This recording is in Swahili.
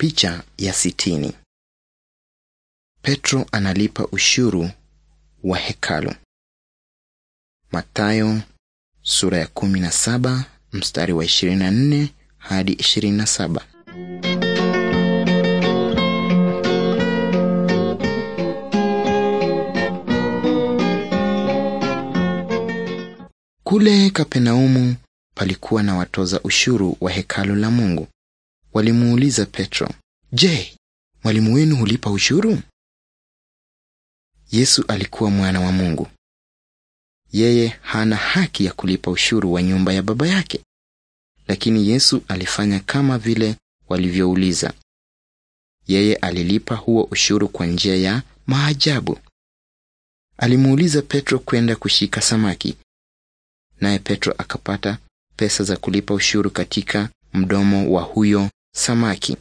Picha ya sitini. Petro analipa ushuru wa hekalu. Mathayo sura ya 17 mstari wa 24 hadi 27. Kule Kapenaumu palikuwa na watoza ushuru wa hekalu la Mungu. Walimuuliza Petro, "Je, mwalimu wenu hulipa ushuru?" Yesu alikuwa mwana wa Mungu. Yeye hana haki ya kulipa ushuru wa nyumba ya baba yake. Lakini Yesu alifanya kama vile walivyouliza. Yeye alilipa huo ushuru kwa njia ya maajabu. Alimuuliza Petro kwenda kushika samaki. Naye Petro akapata pesa za kulipa ushuru katika mdomo wa huyo Самаки